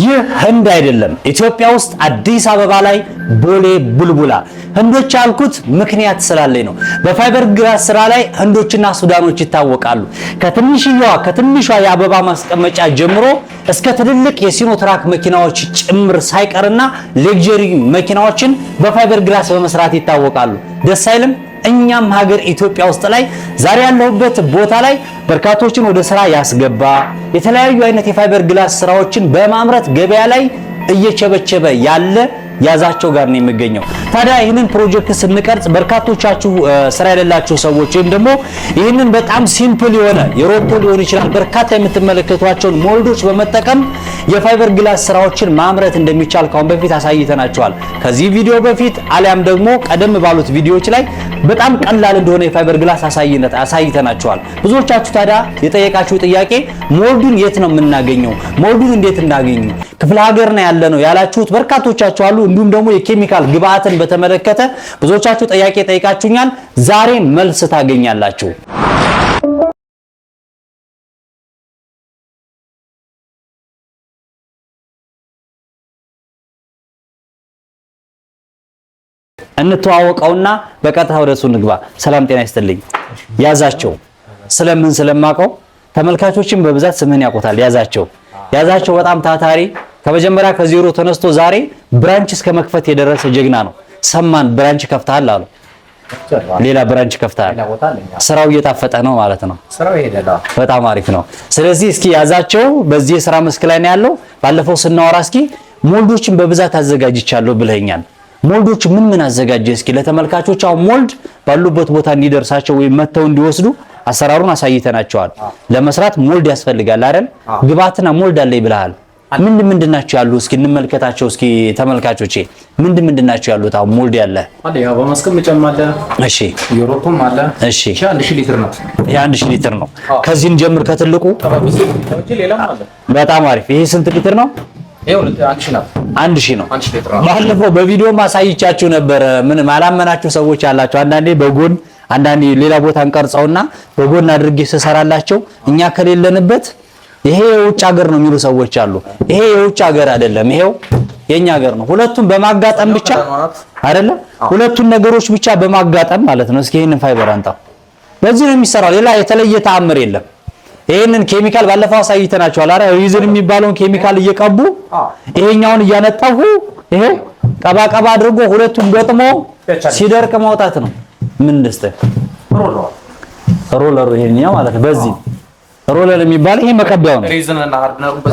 ይህ ህንድ አይደለም። ኢትዮጵያ ውስጥ አዲስ አበባ ላይ ቦሌ ቡልቡላ። ህንዶች ያልኩት ምክንያት ስላለኝ ነው። በፋይበር ግራስ ስራ ላይ ህንዶችና ሱዳኖች ይታወቃሉ። ከትንሽዋ ከትንሿ የአበባ ማስቀመጫ ጀምሮ እስከ ትልልቅ የሲኖትራክ መኪናዎች ጭምር ሳይቀርና ሌግጀሪ መኪናዎችን ግራስ በመስራት ይታወቃሉ። ደስ አይልም? እኛም ሀገር ኢትዮጵያ ውስጥ ላይ ዛሬ ያለሁበት ቦታ ላይ በርካቶችን ወደ ስራ ያስገባ የተለያዩ አይነት የፋይበር ግላስ ስራዎችን በማምረት ገበያ ላይ እየቸበቸበ ያለ ያዛቸው ጋር ነው የሚገኘው። ታዲያ ይህንን ፕሮጀክት ስንቀርጽ በርካቶቻችሁ ስራ የሌላቸው ሰዎች ወይም ደግሞ ይህንን በጣም ሲምፕል የሆነ የሮቶ ሊሆን ይችላል በርካታ የምትመለከቷቸውን ሞልዶች በመጠቀም የፋይበር ግላስ ስራዎችን ማምረት እንደሚቻል ካሁን በፊት አሳይተናቸዋል። ከዚህ ቪዲዮ በፊት አሊያም ደግሞ ቀደም ባሉት ቪዲዮዎች ላይ በጣም ቀላል እንደሆነ የፋይበር ግላስ አሳይነት አሳይተናቸዋል። ብዙዎቻችሁ ታዲያ የጠየቃችሁ ጥያቄ ሞልዱን የት ነው የምናገኘው? ሞልዱን እንዴት እናገኝ? ክፍለ ሀገር ነው ያለ ነው ያላችሁት በርካቶቻችሁ አሉ። እንዲሁም ደግሞ የኬሚካል ግብአትን በተመለከተ ብዙዎቻችሁ ጥያቄ ጠይቃችሁኛል። ዛሬ መልስ ታገኛላችሁ። እንተዋወቀውና በቀጥታ ወደ እሱ እንግባ። ሰላም ጤና ይስጥልኝ። ያዛቸው ስለምን ስለማቀው ተመልካቾችን በብዛት ስምህን ያውቁታል። ያዛቸው ያዛቸው በጣም ታታሪ ከመጀመሪያ ከዜሮ ተነስቶ ዛሬ ብራንች እስከ መክፈት የደረሰ ጀግና ነው። ሰማን ብራንች ከፍተሃል አሉ። ሌላ ብራንች ከፍተሃል። ስራው እየታፈጠ ነው ማለት ነው። በጣም አሪፍ ነው። ስለዚህ እስኪ ያዛቸው በዚህ የስራ መስክ ላይ ነው ያለው። ባለፈው ስናወራ እስኪ ሞልዶችን በብዛት አዘጋጅቻለሁ ብለኛል። ሞልዶች ምን ምን አዘጋጀ? እስኪ ለተመልካቾች አሁን ሞልድ ባሉበት ቦታ እንዲደርሳቸው ወይም መተው እንዲወስዱ አሰራሩን አሳይተናቸዋል። ለመስራት ሞልድ ያስፈልጋል አይደል? ግብአትና ሞልድ አለ ብለሃል። ምንድን ምንድን ናቸው ያሉ? እስኪ እንመልከታቸው። እስኪ ተመልካቾቼ ምንድን ምንድን ናቸው ያሉት? አሁን ሞልድ ያለ አለ፣ ያው በማስቀመጫም አለ። እሺ፣ ዩሮፖም አለ። እሺ፣ አንድ ሺህ ሊትር ነው። አንድ ሺህ ሊትር ነው። ከዚህን ጀምር ከትልቁ። በጣም አሪፍ። ይሄ ስንት ሊትር ነው? አንድ ሺህ ነው። ባለፈው በቪዲዮ ማሳይቻችሁ ነበር። ምን አላመናችሁ ሰዎች አላችሁ። አንዳንዴ በጎን አንዳንዴ ሌላ ቦታ እንቀርጸውና በጎን አድርጌ ስሰራላቸው እኛ ከሌለንበት ይሄ የውጭ ሀገር ነው የሚሉ ሰዎች አሉ። ይሄ የውጭ ሀገር አይደለም፣ ይሄው የኛ ሀገር ነው። ሁለቱን በማጋጠም ብቻ አይደለም፣ ሁለቱን ነገሮች ብቻ በማጋጠም ማለት ነው። እስኪ ይሄንን ፋይበር አንጣ። በዚህ ነው የሚሰራው። ሌላ የተለየ ተአምር የለም። ይሄንን ኬሚካል ባለፈው አሳይተናቸዋል። አረ ዩዝን የሚባለውን ኬሚካል እየቀቡ ይሄኛውን እያነጠፉ ይሄ ቀባቀባ አድርጎ ሁለቱን ገጥሞ ሲደርቅ ማውጣት ነው። ምን ደስተ ሮለሩ ይሄኛው ማለት ነው በዚህ ሮለር የሚባል ይሄ መቀቢያው ነው።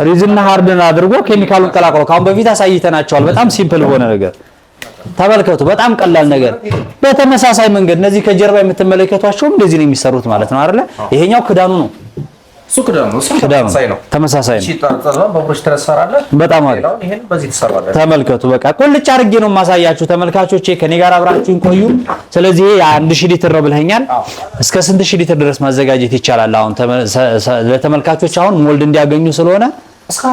ሪዝንና ሃርድን አድርጎ ኬሚካሉን ቀላቅሎ ካሁን በፊት አሳይተናቸዋል። በጣም ሲምፕል በሆነ ነገር ተመልከቱ። በጣም ቀላል ነገር። በተመሳሳይ መንገድ እነዚህ ከጀርባ የምትመለከቷቸውም እንደዚህ ነው የሚሰሩት ማለት ነው አይደለ? ይሄኛው ክዳኑ ነው። እሱ ክዳን ነው። ተመሳሳይ ነው። ተመሳሳይ ነው። በጣም ተመልከቱ። በቃ ቁልጭ አድርጌ ነው የማሳያችሁ ተመልካቾቼ፣ ከኔ ጋር አብራችሁን ቆዩ። ስለዚህ አንድ ሺህ ሊትር ነው ብለኸኛል። እስከ ስንት ሺህ ሊትር ድረስ ማዘጋጀት ይቻላል? አሁን ለተመልካቾች አሁን ሞልድ እንዲያገኙ ስለሆነ እስከ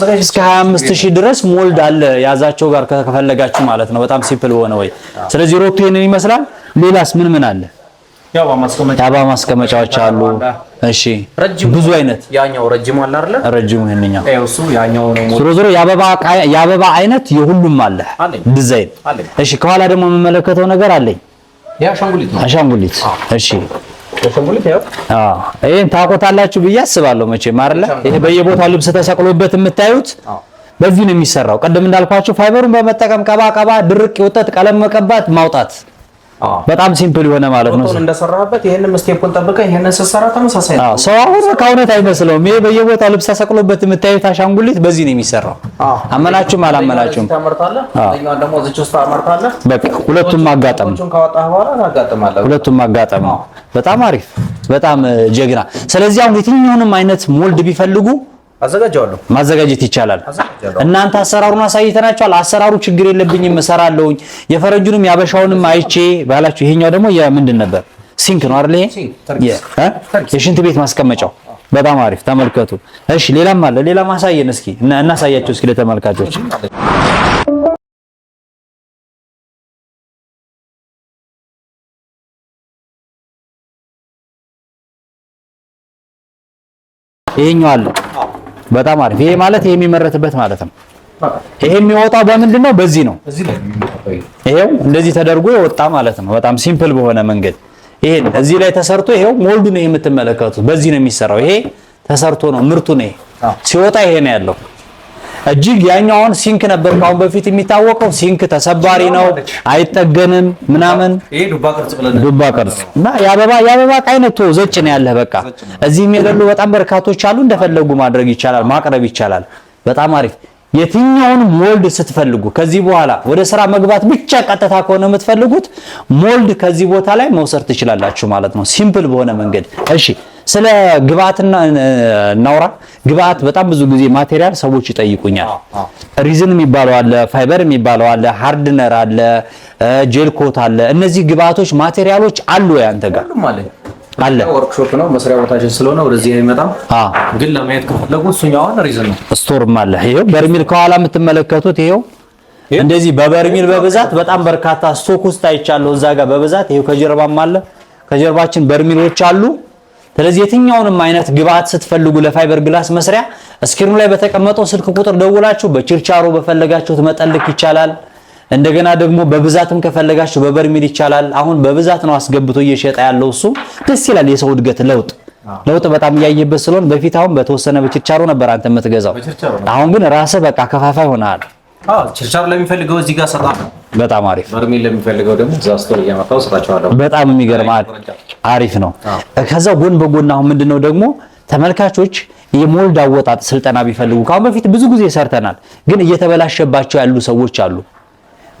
25ስ ሺህ ድረስ ሞልድ አለ ያዛቸው ጋር ከፈለጋችሁ ማለት ነው። በጣም ሲምፕል በሆነ ወይ። ስለዚህ ሮቱ ይሄንን ይመስላል። ሌላስ ምን ምን አለ? የአበባ ማስቀመጫዎች አሉ። እሺ ረጅም ብዙ አይነት ያኛው ረጅም አለ አይደለ? ረጅም ይሄንኛው እሱ ያኛው ነው። ዞሮ ዞሮ የአበባ አይነት የሁሉም አለ ዲዛይን። እሺ ከኋላ ደግሞ የምመለከተው ነገር አለኝ። ያ አሻንጉሊት ነው። አሻንጉሊት እሺ ይህን ታውቆታላችሁ ብዬ አስባለሁ። መቼም አይደለ ይሄ በየቦታው ልብስ ተሰቅሎበት የምታዩት በዚህ ነው የሚሰራው። ቅድም እንዳልኳችሁ ፋይበሩን በመጠቀም ቀባ ቀባ፣ ድርቅ፣ የወተት ቀለም መቀባት፣ ማውጣት በጣም ሲምፕል የሆነ ማለት ነው። እንደሰራበት ይሄንን ስቴፑን ጠብቀህ ይሄንን ስትሰራ ተመሳሳይ ነው። ሰው አሁን ከእውነት አይመስለውም። ይሄ በየቦታ ልብስ ተሰቅሎበት የምታዩት አሻንጉሊት በዚህ ነው የሚሰራው። አመናችሁም አላመናችሁም ታመርታለህ። በቃ ሁለቱም ሁለቱም በጣም አሪፍ፣ በጣም ጀግና። ስለዚህ አሁን የትኛውንም አይነት ሞልድ ቢፈልጉ አዘጋጀዋለሁ ማዘጋጀት ይቻላል። እናንተ አሰራሩን አሳይተናቸዋል። አሰራሩ ችግር የለብኝም እሰራለሁኝ። የፈረንጁንም ያበሻውንም አይቼ ባላችሁ። ይሄኛው ደግሞ የምንድን ነበር? ሲንክ ነው አይደል? ይሄ የሽንት ቤት ማስቀመጫው በጣም አሪፍ ተመልከቱ። እሺ ሌላም አለ። ሌላ ማሳየን እስኪ እናሳያቸው እስኪ ለተመልካቾች ይሄኛው አለ በጣም አሪፍ። ይሄ ማለት ይሄ የሚመረትበት ማለት ነው። ይሄ የሚወጣው በምንድን ነው? በዚህ ነው። ይሄው እንደዚህ ተደርጎ የወጣ ማለት ነው። በጣም ሲምፕል በሆነ መንገድ ይሄን እዚህ ላይ ተሰርቶ ይሄው ሞልዱ ነው የምትመለከቱት። በዚህ ነው የሚሰራው። ይሄ ተሰርቶ ነው ምርቱ ነው ሲወጣ ይሄ ነው ያለው። እጅግ ያኛውን ሲንክ ነበር ካሁን በፊት የሚታወቀው። ሲንክ ተሰባሪ ነው፣ አይጠገንም ምናምን ዱባ ቅርጽ እና የአበባ የአበባ አይነት ዘጭ ነው ያለህ። በቃ እዚህም የሌሉ በጣም በርካቶች አሉ። እንደፈለጉ ማድረግ ይቻላል፣ ማቅረብ ይቻላል። በጣም አሪፍ የትኛውን ሞልድ ስትፈልጉ ከዚህ በኋላ ወደ ስራ መግባት ብቻ ቀጥታ ከሆነ የምትፈልጉት ሞልድ ከዚህ ቦታ ላይ መውሰድ ትችላላችሁ ማለት ነው፣ ሲምፕል በሆነ መንገድ እሺ። ስለ ግብአት እናውራ። ግብአት በጣም ብዙ ጊዜ ማቴሪያል ሰዎች ይጠይቁኛል። ሪዝን የሚባለው አለ፣ ፋይበር የሚባለው አለ፣ ሃርድነር አለ፣ ጄል ኮት አለ። እነዚህ ግብአቶች ማቴሪያሎች አሉ ያንተ ጋር አለ። ወርክሾፕ ነው መስሪያ ቦታችን ስለሆነ ወደዚህ አይመጣም። ግን ለማየት ከፈለጉ እሱኛውን ሪዝን ነው ስቶርም አለ። ይሄው በርሚል ከኋላ የምትመለከቱት ይሄው እንደዚህ በበርሚል በብዛት በጣም በርካታ ስቶክ ውስጥ አይቻለሁ እዛ ጋር በብዛት ይሄው ከጀርባም አለ። ከጀርባችን በርሚሎች አሉ። ስለዚህ የትኛውንም አይነት ግብአት ስትፈልጉ ለፋይበር ግላስ መስሪያ እስክሪኑ ላይ በተቀመጠው ስልክ ቁጥር ደውላችሁ በችርቻሮ በፈለጋችሁት መጠልክ ይቻላል። እንደገና ደግሞ በብዛትም ከፈለጋችሁ በበርሚል ይቻላል። አሁን በብዛት ነው አስገብቶ እየሸጠ ያለው እሱ ደስ ይላል። የሰው እድገት ለውጥ ለውጥ በጣም እያየበት ስለሆን በፊት አሁን በተወሰነ በችርቻሮ ነበር አንተ የምትገዛው። አሁን ግን ራስህ በቃ ከፋፋይ ሆነሃል። ችርቻር ለሚፈልገው እዚህ ጋር ሰጣ። በጣም አሪፍ በርሜል ለሚፈልገው ደግሞ እዛ ስቶር እያመጣሁ ሰጣቸዋለሁ። በጣም የሚገርም አሪፍ ነው። ከዛ ጎን በጎን አሁን ምንድነው ደግሞ ተመልካቾች የሞልድ አወጣጥ ስልጠና ቢፈልጉ ከአሁን በፊት ብዙ ጊዜ ሰርተናል፣ ግን እየተበላሸባቸው ያሉ ሰዎች አሉ።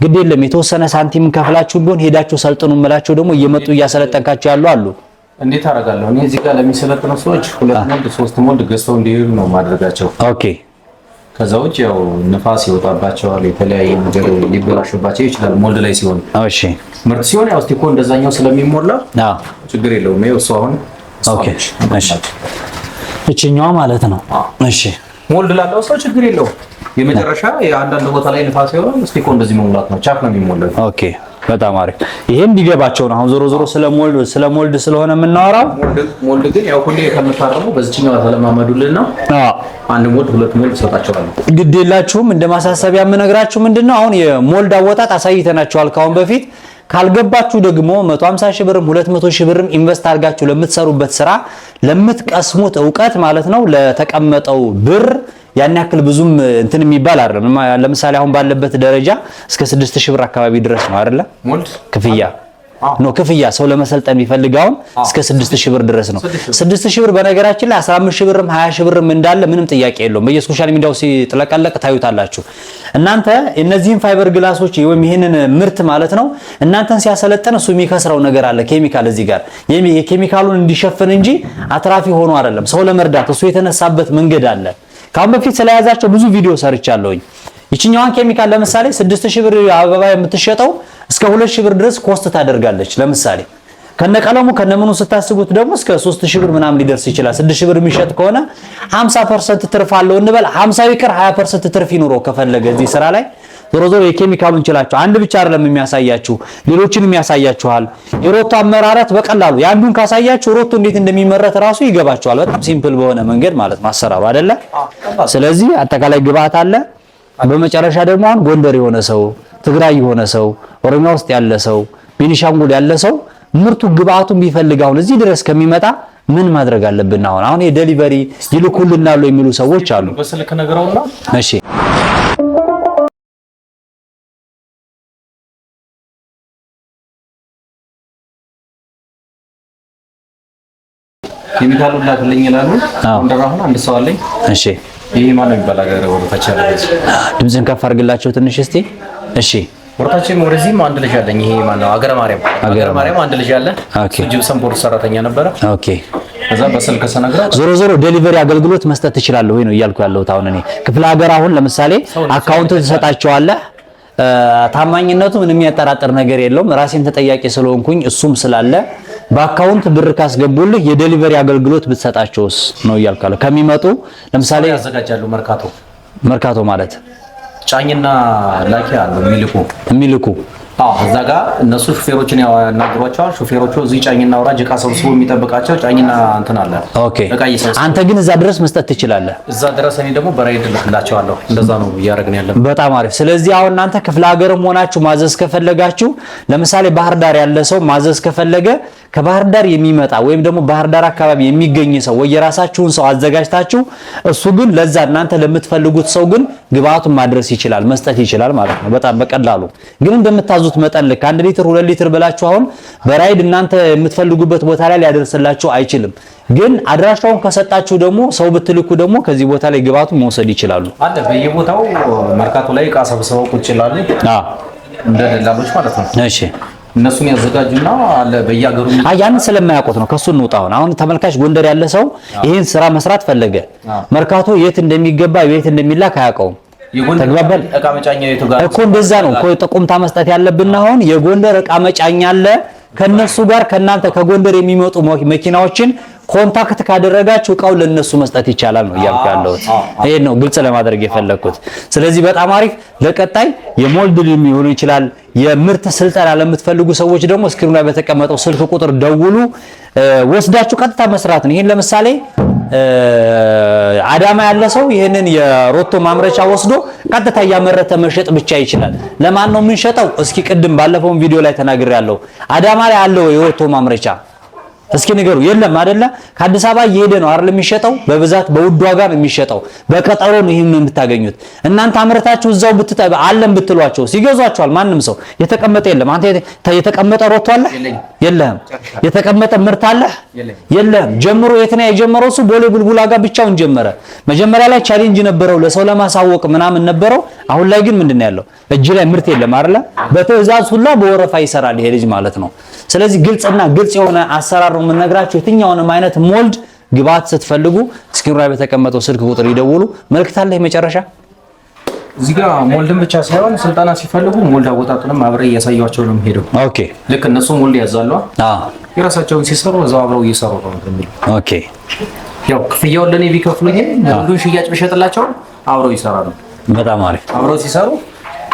ግድ የለም የተወሰነ ሳንቲም ከፍላችሁ ቢሆን ሄዳችሁ ሰልጥኑ የምላቸው ደግሞ እየመጡ እያሰለጠንካቸው ያሉ አሉ። እንዴት አደርጋለሁ እኔ እዚህ ጋር ለሚሰለጥነው ሰዎች ሁለት ሞልድ ሶስት ሞልድ ገዝተው እንዲሄዱ ነው ማድረጋቸው። ኦኬ ከዛ ውጭ ያው ንፋስ ይወጣባቸዋል፣ የተለያየ ነገር ሊበላሽባቸው ይችላል። ሞልድ ላይ ሲሆን እሺ፣ ምርት ሲሆን ያው ስቲኮ እንደዛኛው ስለሚሞላ አዎ፣ ችግር የለውም። ይኸው እሱ አሁን ኦኬ፣ እሺ፣ እችኛዋ ማለት ነው። እሺ፣ ሞልድ ላለው ሰው ችግር የለውም። የመጨረሻ የአንዳንድ ቦታ ላይ ንፋስ ሲሆን ስቲኮ እንደዚህ መሙላት ነው። ቻክ ነው የሚሞላው። ኦኬ በጣም አሪፍ። ይሄ እንዲገባቸው ነው። አሁን ዞሮ ዞሮ ስለ ሞልድ ስለሆነ የምናወራው ሞልድ ግን ያው ሁሌ ከምታረሙ በዚህኛው ተለማመዱልና አንድ ሞልድ ሁለት ሞልድ ሰጣቸዋለሁ። ግድ የላችሁም። እንደ ማሳሰቢያ የምነግራችሁ ምንድነው አሁን የሞልድ አወጣጥ አሳይተናቸዋል ካሁን በፊት ካልገባችሁ ደግሞ 150 ሺህ ብርም 200 ሺህ ብርም ኢንቨስት አድርጋችሁ ለምትሰሩበት ስራ ለምትቀስሙት እውቀት ማለት ነው ለተቀመጠው ብር ያን ያክል ብዙም እንትን የሚባል አይደለም። ለምሳሌ አሁን ባለበት ደረጃ እስከ ስድስት ብር አካባቢ ድረስ ነው አይደለ? ክፍያ ኖ ክፍያ ሰው ለመሰልጠን ቢፈልግ አሁን እስከ 6000 ብር ድረስ ነው። 6000 ብር በነገራችን ላይ 15 ብርም 20000 ብርም እንዳለ ምንም ጥያቄ የለውም። በየሶሻል ሚዲያው ሲጥለቀለቅ ታዩታላችሁ። እናንተ እነዚህን ፋይበር ግላሶች ወይም ይህንን ምርት ማለት ነው እናንተን ሲያሰለጠን እሱ የሚከስረው ነገር አለ፣ ኬሚካል እዚህ ጋር የኬሚካሉን እንዲሸፍን እንጂ አትራፊ ሆኖ አይደለም። ሰው ለመርዳት እሱ የተነሳበት መንገድ አለ። ከአሁን በፊት ስለያዛቸው ብዙ ቪዲዮ ሰርቻለሁኝ። ይችኛዋን ኬሚካል ለምሳሌ 6000 ብር አበባ የምትሸጠው እስከ 2000 ብር ድረስ ኮስት ታደርጋለች። ለምሳሌ ከነቀለሙ ከነምኑ ስታስቡት ደግሞ እስከ 3000 ብር ምናምን ሊደርስ ይችላል። 6000 ብር የሚሸጥ ከሆነ 50% ትርፍ አለው እንበል። 50 ይቅር 20% ትርፍ ይኑረው ከፈለገ እዚህ ስራ ላይ ዞሮ ዞሮ የኬሚካሉን ችላችሁ አንድ ብቻ አይደለም የሚያሳያችሁ፣ ሌሎችንም ያሳያችኋል። የሮቶ አመራረት በቀላሉ የአንዱን ካሳያችሁ ሮቶ እንዴት እንደሚመረት ራሱ ይገባችኋል። በጣም ሲምፕል በሆነ መንገድ ማለት ማሰራሩ አይደለ። ስለዚህ አጠቃላይ ግብአት አለ። በመጨረሻ ደግሞ አሁን ጎንደር የሆነ ሰው፣ ትግራይ የሆነ ሰው፣ ኦሮሚያ ውስጥ ያለ ሰው፣ ቤኒሻንጉል ያለ ሰው ምርቱ ግብአቱን ቢፈልግ አሁን እዚህ ድረስ ከሚመጣ ምን ማድረግ አለብን? አሁን አሁን የዴሊቨሪ ይልኩልናሉ የሚሉ ሰዎች አሉ። እሺ ኬሚካሉ ላክልኝ ይላሉ። አሁን አንድ ሰው አለኝ። እሺ ይሄ ማለት የሚባል ሀገር ወደታች ያለ ድምፅን ከፍ አድርግላቸው ትንሽ እስቲ። እሺ ወደታችም ወደዚህም አንድ ልጅ አለኝ። ይሄ ማለት አገረ ማርያም አገረ ማርያም አንድ ልጅ አለ። ጅብሰን ቦርድ ሰራተኛ ነበረ። ኦኬ ከዛ በስልክ ስነግራት ዞሮ ዞሮ ዴሊቨሪ አገልግሎት መስጠት ትችላለህ ወይ ነው እያልኩ ያለሁት። አሁን እኔ ክፍለ ሀገር አሁን ለምሳሌ አካውንቱን ትሰጣቸዋለህ ታማኝነቱ ምንም የሚያጠራጥር ነገር የለውም። ራሴን ተጠያቂ ስለሆንኩኝ እሱም ስላለ በአካውንት ብር ካስገቡልህ የዴሊቨሪ አገልግሎት ብትሰጣቸውስ ነው እያልካለሁ። ከሚመጡ ለምሳሌ ያዘጋጃሉ። መርካቶ መርካቶ ማለት ጫኝና ላኪ አሉ የሚልኩ የሚልኩ እዛ ጋ እነሱ ሹፌሮችን ያናግሯቸዋል። ሹፌሮቹ እዚህ ጫኝና አውራጅ እቃ ሰብስቦ የሚጠብቃቸው ጫኝና እንትን አለ። አንተ ግን እዛ ድረስ መስጠት ትችላለህ። እዛ ድረስ እኔ ደግሞ በራይድ ልክላቸዋለሁ። እንደዛ ነው እያደረግን ያለ። በጣም አሪፍ። ስለዚህ አሁን እናንተ ክፍለ ሀገርም ሆናችሁ ማዘዝ ከፈለጋችሁ፣ ለምሳሌ ባህር ዳር ያለ ሰው ማዘዝ ከፈለገ ከባህር ዳር የሚመጣ ወይም ደግሞ ባህር ዳር አካባቢ የሚገኝ ሰው ወይ የራሳችሁን ሰው አዘጋጅታችሁ እሱ ግን ለዛ እናንተ ለምትፈልጉት ሰው ግን ግብአቱን ማድረስ ይችላል መስጠት ይችላል ማለት ነው። በጣም በቀላሉ ግን እንደምታዙት መጠን ልክ አንድ ሊትር ሁለት ሊትር ብላችሁ አሁን በራይድ እናንተ የምትፈልጉበት ቦታ ላይ ሊያደርስላችሁ አይችልም። ግን አድራሻውን ከሰጣችሁ ደግሞ ሰው ብትልኩ ደግሞ ከዚህ ቦታ ላይ ግብአቱን መውሰድ ይችላሉ። አለ በየቦታው መርካቶ ላይ ዕቃ ሰብስበው ቁጭ ይላሉ እንደ ደላሎች ማለት ነው። እሺ እነሱን ያዘጋጁና በየሀገሩ ያንን ስለማያውቁት ነው። ከሱ እንውጣ። አሁን ተመልካች ጎንደር ያለ ሰው ይህን ስራ መስራት ፈለገ፣ መርካቶ የት እንደሚገባ የት እንደሚላክ አያውቀውም። ተግባባል እኮ እንደዛ ነው እኮ ጥቁምታ መስጠት ያለብን። አሁን የጎንደር እቃ መጫኛ አለ። ከነሱ ጋር ከናንተ ከጎንደር የሚመጡ መኪናዎችን ኮንታክት ካደረጋችሁ እቃው ለነሱ መስጠት ይቻላል ነው እያልኩ ያለሁት። ይሄ ነው ግልጽ ለማድረግ የፈለግኩት። ስለዚህ በጣም አሪፍ ለቀጣይ የሞልድ ሊሆን ይችላል የምርት ስልጠና ለምትፈልጉ ሰዎች ደግሞ እስክሪኑ ላይ በተቀመጠው ስልክ ቁጥር ደውሉ፣ ወስዳችሁ ቀጥታ መስራት ነው። ይሄን ለምሳሌ አዳማ ያለ ሰው ይህንን የሮቶ ማምረቻ ወስዶ ቀጥታ እያመረተ መሸጥ ብቻ ይችላል። ለማን ነው የምንሸጠው? እስኪ ቅድም ባለፈው ቪዲዮ ላይ ተናግሬያለሁ። አዳማ ላይ አለው የሮቶ ማምረቻ እስኪ ንገሩ። የለም አይደለ? ከአዲስ አበባ እየሄደ ነው አይደል የሚሸጠው? በብዛት በውድ ዋጋ ነው የሚሸጠው። በቀጠሮ ነው ይሄን የምታገኙት። እናንተ አምርታችሁ እዛው ብትጠ አለም ብትሏቸው ሲገዟቸዋል። ማንም ሰው የተቀመጠ የለም። አንተ የተቀመጠ ሮቶ አለ የለህም። የተቀመጠ ምርት አለ የለህም። ጀምሮ የት ነው የጀመረው? እሱ ቦሌ ቡልቡላ ጋር ብቻውን ጀመረ። መጀመሪያ ላይ ቻሌንጅ ነበረው ለሰው ለማሳወቅ ምናምን ነበረው። አሁን ላይ ግን ምንድን ነው ያለው? እጅ ላይ ምርት የለም አይደለ? በትዕዛዝ ሁላ በወረፋ ይሰራል ይሄ ልጅ ማለት ነው። ስለዚህ ግልጽና ግልጽ የሆነ አሰራር ነው የምነግራችሁ። የትኛውንም አይነት ሞልድ ግብአት ስትፈልጉ ስክሪኑ ላይ በተቀመጠው ስልክ ቁጥር ይደውሉ። መልእክት አለ የመጨረሻ እዚህ ጋር ሞልድን ብቻ ሳይሆን ስልጠና ሲፈልጉ ሞልድ አወጣጡንም አብረ እያሳያቸው ነው የሚሄደው። ኦኬ ልክ እነሱ ሞልድ ያዛሉ፣ አዎ የራሳቸውን ሲሰሩ እዛው አብረው እየሰሩ ነው እንግዲህ። ኦኬ። ያው ክፍያውን ለኔ ቢከፍሉኝ ሽያጭ ብሸጥላቸው አብረው ይሰራሉ። በጣም አሪፍ አብሮ ሲሰሩ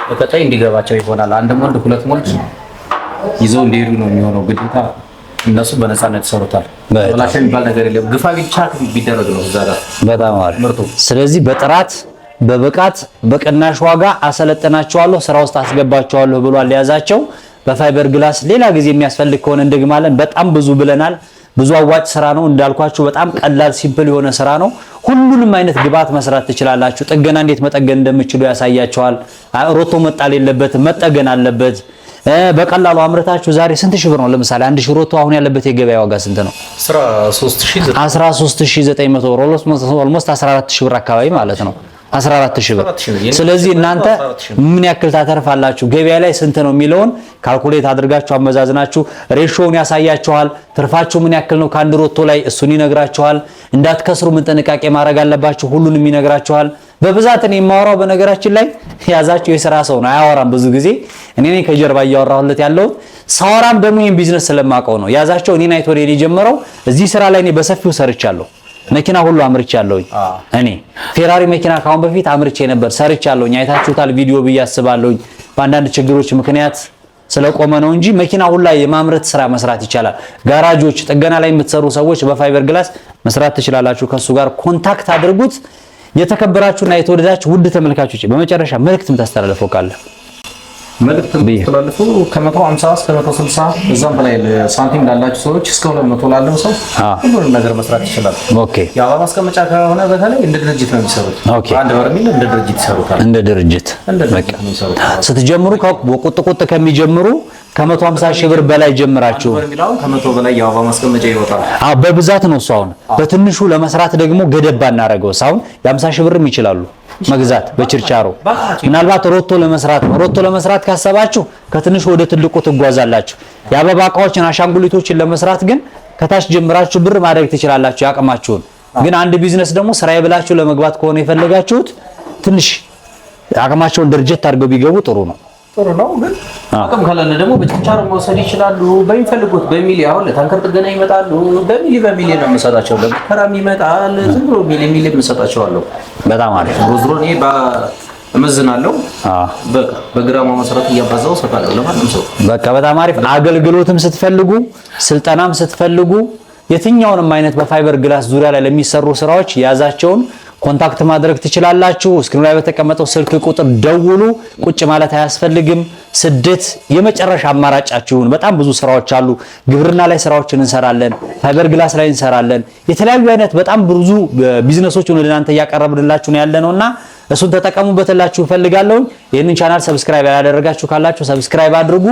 በቀጣይ እንዲገባቸው ይሆናል። አንድ ወልድ ሁለት ወንድ ይዘው እንዲሄዱ ነው የሚሆነው ግዴታ። እነሱ በነፃነት ይሰሩታል። ላሽ የሚባል ነገር የለም። ግፋ ብቻ ቢደረግ ነው እዛ ጋር በጣም አሪፍ ምርቱ። ስለዚህ በጥራት በብቃት በቅናሽ ዋጋ አሰለጠናቸዋለሁ፣ ስራ ውስጥ አስገባቸዋለሁ ብሏል። ያዛቸው በፋይበር ግላስ ሌላ ጊዜ የሚያስፈልግ ከሆነ እንደግማለን። በጣም ብዙ ብለናል። ብዙ አዋጭ ስራ ነው እንዳልኳችሁ፣ በጣም ቀላል ሲምፕል የሆነ ስራ ነው። ሁሉንም አይነት ግብዓት መስራት ትችላላችሁ። ጥገና እንዴት መጠገን እንደምችሉ ያሳያቸዋል። ሮቶ መጣል የለበት መጠገን አለበት። በቀላሉ አምርታችሁ ዛሬ ስንት ሺህ ብር ነው? ለምሳሌ አንድ ሺህ ሮቶ አሁን ያለበት የገበያ ዋጋ ስንት ነው? 13900 ብር ኦልሞስት 14000 ብር አካባቢ ማለት ነው። 14000 ሺህ ብር። ስለዚህ እናንተ ምን ያክል ታተርፋላችሁ፣ ገበያ ላይ ስንት ነው የሚለውን ካልኩሌት አድርጋችሁ አመዛዝናችሁ ሬሾውን ያሳያችኋል። ትርፋችሁ ምን ያክል ነው ከአንድ ሮቶ ላይ እሱን ይነግራችኋል። እንዳትከስሩ ምን ጥንቃቄ ማድረግ አለባችሁ፣ ሁሉንም ይነግራችኋል። በብዛት እኔ የማወራው በነገራችን ላይ ያዛቸው የስራ ሰው ነው፣ አያወራም ብዙ ጊዜ። እኔ ነኝ ከጀርባ እያወራሁለት ያለሁት። ሳወራም ደግሞ ይህን ቢዝነስ ስለማውቀው ነው። የያዛቸው እኔን አይቶ ነው የጀመረው። እዚህ ስራ ላይ እኔ በሰፊው ሰርቻለሁ። መኪና ሁሉ አምርቻለሁኝ። እኔ ፌራሪ መኪና ካሁን በፊት አምርቼ ነበር፣ ሰርቻለሁኝ። አይታችሁታል ቪዲዮ ብዬ አስባለሁኝ። በአንዳንድ ችግሮች ምክንያት ስለቆመ ነው እንጂ መኪና ሁላ የማምረት ስራ መስራት ይቻላል። ጋራጆች፣ ጥገና ላይ የምትሰሩ ሰዎች በፋይበር ግላስ መስራት ትችላላችሁ። ከሱ ጋር ኮንታክት አድርጉት። የተከበራችሁና የተወደዳችሁ ውድ ተመልካቾች በመጨረሻ መልክት የምታስተላልፈው ካለ መልእክት ተላልፎ ከ150 እስከ 160 እዛም በላይ ሳንቲም ላላችሁ ሰዎች እስከ መቶ ላለው ሰው ሁሉንም ነገር መስራት ይችላል። ኦኬ። የአበባ ማስቀመጫ ከሆነ በተለይ እንደ ድርጅት ነው የሚሰሩት። ኦኬ። አንድ በርሜል እንደ ድርጅት ይሰሩታል። እንደ ድርጅት ስትጀምሩ ቁጥ ቁጥ ከሚጀምሩ ከ150 ሺህ ብር በላይ ጀምራችሁ ከ በላይ የአበባ ማስቀመጫ ይወጣል። በብዛት ነው እሱ። አሁን በትንሹ ለመስራት ደግሞ ገደባ እናደርገው ሳይሆን የ50 ሺህ ብርም ይችላሉ መግዛት በችርቻሮ ምናልባት ሮቶ ለመስራት ነው። ሮቶ ለመስራት ካሰባችሁ ከትንሽ ወደ ትልቁ ትጓዛላችሁ። የአበባ እቃዎችን አሻንጉሊቶችን ለመስራት ግን ከታች ጀምራችሁ ብር ማድረግ ትችላላችሁ ያቅማችሁን። ግን አንድ ቢዝነስ ደግሞ ስራዬ ብላችሁ ለመግባት ከሆነ የፈለጋችሁት ትንሽ አቅማቸውን ድርጅት አድርገው ቢገቡ ጥሩ ነው። ጥሩ ነው ግን አቅም ከሌለ ደግሞ በችንቻር መውሰድ ይችላሉ። በሚፈልጉት በሚሊ አሁን ለታንከር ጥገና ይመጣሉ። በሚሊ በሚሊ ነው የምሰጣቸው። ለሙከራም ይመጣል። ዝም ብሎ ሚሊ ሚሊ የምሰጣቸዋለሁ። በጣም አሪፍ ሮዝሮ እኔ እመዝናለሁ። በግራማ መሰረት እያባዛው እሰጣለሁ ለማንም ሰው። በቃ በጣም አሪፍ አገልግሎትም ስትፈልጉ ስልጠናም ስትፈልጉ የትኛውንም አይነት በፋይበር ግላስ ዙሪያ ላይ ለሚሰሩ ስራዎች የያዛቸውን ኮንታክት ማድረግ ትችላላችሁ። እስክሪኑ ላይ በተቀመጠው ስልክ ቁጥር ደውሉ። ቁጭ ማለት አያስፈልግም። ስደት የመጨረሻ አማራጫችሁን። በጣም ብዙ ስራዎች አሉ። ግብርና ላይ ስራዎችን እንሰራለን፣ ፋይበር ግላስ ላይ እንሰራለን። የተለያዩ አይነት በጣም ብዙ ቢዝነሶችን ወደ እናንተ እያቀረብንላችሁ ነው ያለ እሱን ተጠቀሙበትላችሁ እፈልጋለሁ። ይህንን ቻናል ሰብስክራይብ ያላደረጋችሁ ካላችሁ ሰብስክራይብ አድርጉ፣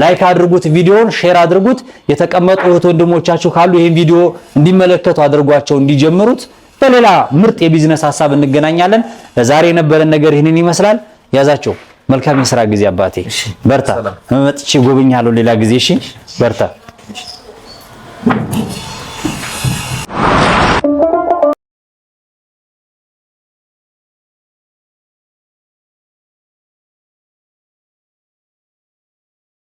ላይክ አድርጉት፣ ቪዲዮውን ሼር አድርጉት። የተቀመጡ እህት ወንድሞቻችሁ ካሉ ይህን ቪዲዮ እንዲመለከቱ አድርጓቸው፣ እንዲጀምሩት በሌላ ምርጥ የቢዝነስ ሀሳብ እንገናኛለን። ለዛሬ የነበረን ነገር ይህንን ይመስላል። ያዛቸው። መልካም የስራ ጊዜ አባቴ። በርታ። መጥቼ ጎብኛለሁ ሌላ ጊዜ። እሺ፣ በርታ።